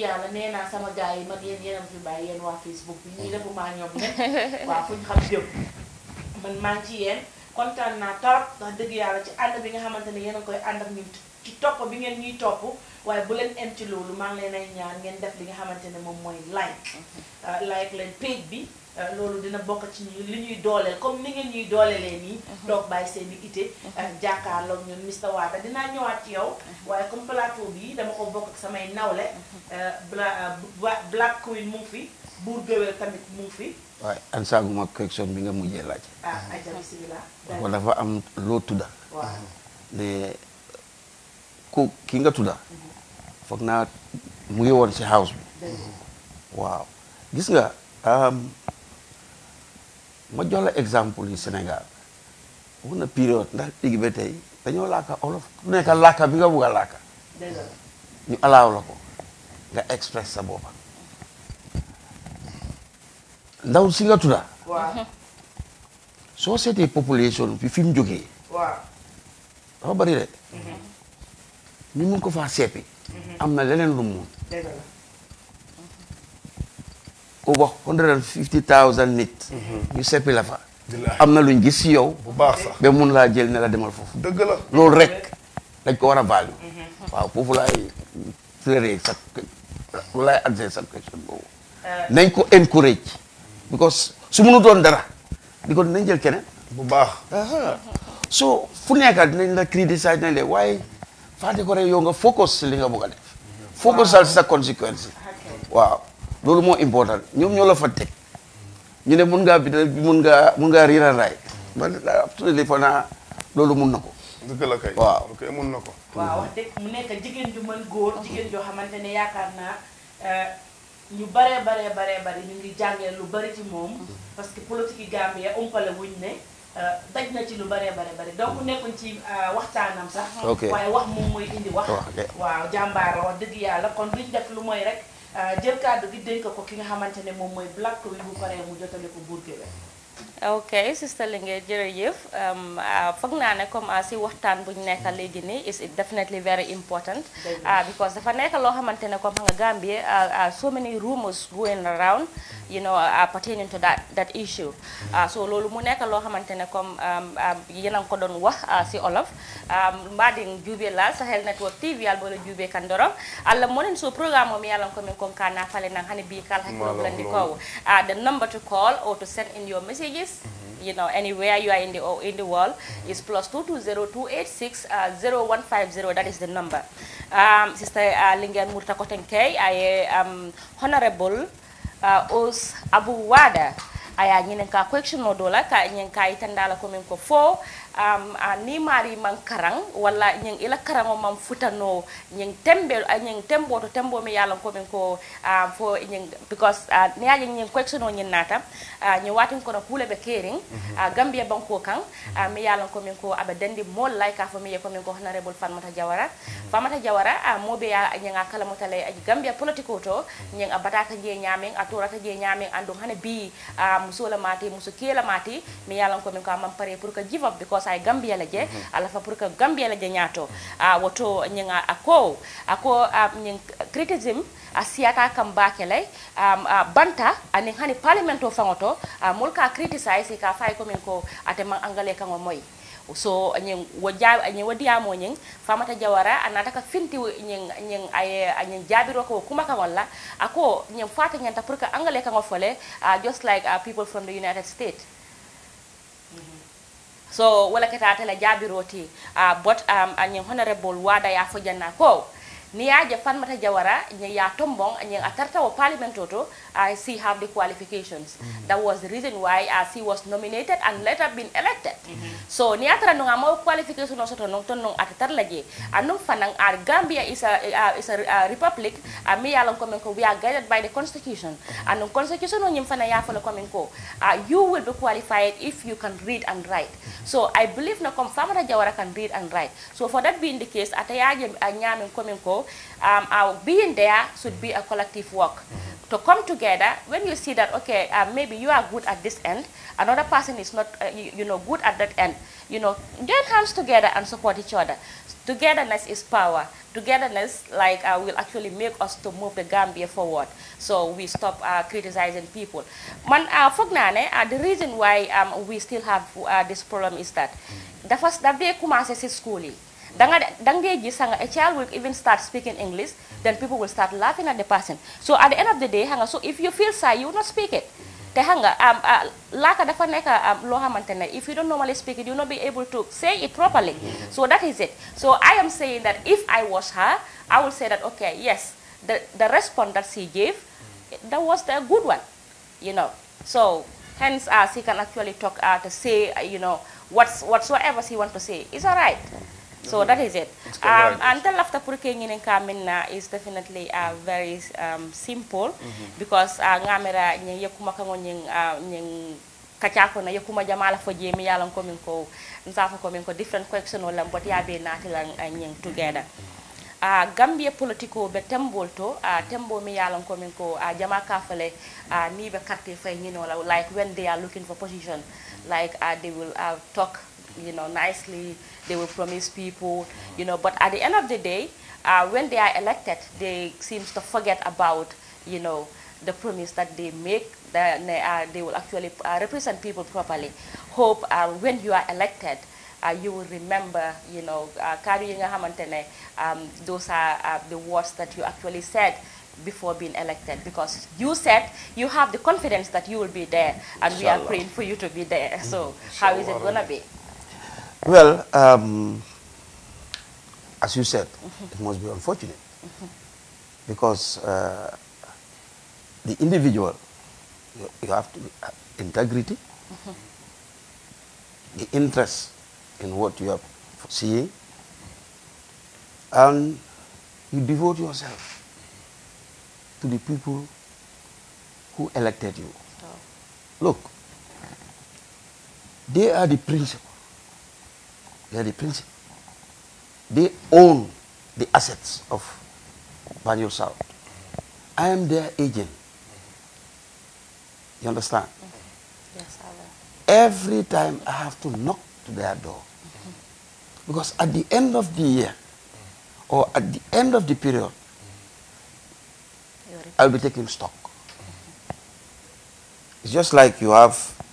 yàlla nee naa sama gaa yi mag yéen yéen a fi bàyyi yéen waa Facebook bi ñii defu maa ñoom ne waaw fu xam jëm man maa ci yéen kontaan naa torop ndax dëgg yàlla ci ànd bi nga xamante ne yéen koy ànd ak ñun ci topp bi ngeen ñuy topp waaye bu leen em ci loolu maa ngi leen ay ñaan ngeen def li nga xamante ne moom mooy like mhm. uh, like leen page bi uh, loolu dina bokk ci li ñuy dooleel comme ni ngeen ñuy doolelee nii mhm. toog bàyyi seen i ite mhm. uh, jàkkaarloog ñun Mr Wada dinaa ñëwaat ci yow waaye comme plateau bi dama ko bokk samay nawle Black Queen mu ngi fi buur géwél tamit mu waaye an saaguma question bi nga mujjee laaj ah aja bismillah waaw dafa am loo tudda ne ku ki nga tudda foog naa mu ngi woon si house bi waaw gis nga ma jox la exemple yi Sénégal bu na période ndax digg ba tey dañoo laaka olof ku nekka laaka bi nga bugg a laaka ñu alaaw la ko nga express sa boppa ndaw si nga tudda soo seetee population bi fi mu jógee dafa bari de mhm. ñu mun ko faa seppi am na leneen lu mu wax hundred and fifty thousand nit mhm. seppi la fa am na luñ gis ci yow bu baax sax mun laa jël ne la demal foofu dëgg la loolu rek dañ ko war a value mhm. waaw foofu laay traité sa lu question euh. nañ ko encourage because su mënu doon dara di ko nañ jël keneen bu baax so fu nekka dinañ la criticiser dinañ le waaye fàtte ko rek yow nga focus li nga bëgg a focusal si sa conséquence waaw loolu moo important ñoom ñoo la fa teg ñu ne mun ngaa bidal bi mun ngaa mun ngaa riiran raay man absolument fanaa loolu mun na ko dëgg la waaw mun na ko waaw wax dëgg mu nekk jigéen ju mën góor jigéen joo xamante ne yaakaar naa eh, ñu baree bare baree bari ñu ngi jàngee lu bari ci moom mm-hmm. parce que politique yi Gambie umpale wuñ ne Euh, daj na ci lu bëree bëri bëri donc nekkuñ ci euh, waxtaanam sax. waaye wax moom mooy indi wax. waaw jàmbaar wax dëgg yàlla kon duñ def lu mooy rek euh, jël kàddu gi dénk ko ki nga xamante ne moom mooy Black Wi bu paree mu jotale ko buur gi ok sister Linguère jërëjëf um, ah, foog naa ne comme ah, si waxtaan bu ñu nekka léegi nii is it definitely very important ah, because dafa nekk loo xamante ne comme xam nga Gambie so many rumors going around you know pertaining to that that issue so loolu mu nekk loo xamante ne comme um, um, yéen a ko doon wax si olof mbaadin juubee laal Sahel Network TV yàlla boo la juubee kan dorom alla monen so programme o mi yalan komin kon kana fale nan hani bi kala hakkilo you know, anywhere you are in the, in the world, is plus 220286 uh, 0150. That is the number. Um, Sister uh, Lingen Murtakotenke, I am um, Honorable uh, Os Abuwada. aya ñinen ka collectionno dola ka ñen ka yitandala komin ko fo um, a nimari man karang walla ñen ila karango man futano ñen tembe ñen tembo to tembo mi yalan komin ko um, fo ñen because uh, ne aje ñen kono hule be kering mm -hmm. uh, gambia banko kan uh, mi yalan komin ko abe dandi mol lay ka fo mi ye komin ko honorable famata jawara mm -hmm. jawara uh, mobe ya ñen kala motale gambia politico to ñen abata ka je ñamen a torata je ñamen andum hane kam la mati musu ke la mati mi yalan ko min ko amam pare pour que give up because ay gambia la je ala fa pour que gambia la je nyato a woto nyinga ako ako nyin criticism a siyata kam bake lay banta anin hani parliament fangoto mulka criticize ka fay ko min ko ate man angale kan o so ñing wo jaabi añin wo diyamo ñing famata ka finti ñing ñing ay ñing jaabiro kuma ka walla ako ñing fata ñanta pour que angale ka ngo fole uh, just like ah, people from the united states so wala kata tala jaabiro ti ah, but um, añin honorable wada ya fo janna ko niyaje fanmata jawara ya tombong a tarta wo parliament toto i see have the qualifications mm -hmm. that was the reason why uh, she was nominated and later been elected mm -hmm. so ni atara mm-hmm. a amo qualification soto no ton no atatar laje anum fanang ar gambia is a uh, is a republic uh, mi yalan ko men ko we are guided by the constitution mm-hmm. and the constitution no nyim fana ya fala ko men ah, ko you will be qualified if you can read and write mm-hmm. so i believe no kom um, our being there should be a collective work. To come together, when you see that, okay, uh, maybe you are good at this end, another person is not, uh, you, you, know, good at that end, you know, join hands together and support each other. Togetherness is power. Togetherness, like, uh, will actually make us to move the Gambia forward. So we stop uh, criticizing people. Man, uh, Fognane, uh, the reason why um, we still have uh, this problem is that the first, the day commences schooling a child will even start speaking English, then people will start laughing at the person. So at the end of the day, hanga, so if you feel shy, you will not speak it. Te hanga, um, uh, laka dafa neka um, If you don't normally speak it, you will not be able to say it properly. So that is it. So I am saying that if I was her, I will say that, okay, yes, the, the response that she gave, that was the good one, you know. So hence, uh, she can actually talk, uh, to say, uh, you know, what's, whatsoever she want to say. It's all right. So that is it. Um, and the laughter purking in Kamina is definitely uh, very um, simple mm -hmm. because uh, ngamera nyeng yakumaka uh, nyeng kachako na jamala yalan different question but ya be natilan uh, together. a mm-hmm. uh, gambia political be a uh, tembo mi yalan a uh, jama kafale a like when they are looking for position mm-hmm. like uh, they will uh, talk you know, nicely. They will promise people, you know. But at the end of the day, uh, when they are elected, they seems to forget about, you know, the promise that they make that they, uh, they will actually uh, represent people properly. Hope uh, when you are elected, uh, you will remember, you know, uh, um, those are uh, the words that you actually said before being elected because you said you have the confidence that you will be there and we are praying for you to be there. So how is it going to be? Well, um, as you said, mm -hmm. it mm-hmm. must be unfortunate mm -hmm. because uh, the individual, you, you have to have uh, integrity, mm -hmm. the interest in what you are seeing, and you devote yourself to the people who elected you. Oh. Look, they are the principal they are the principal. They own the assets of Banjul South. I am their agent. You understand? Yes, I will. Every time I have to knock to their door. Mm -hmm. Because at the end of the year, or at the end of the period, I'll be taking stock. It's just like you have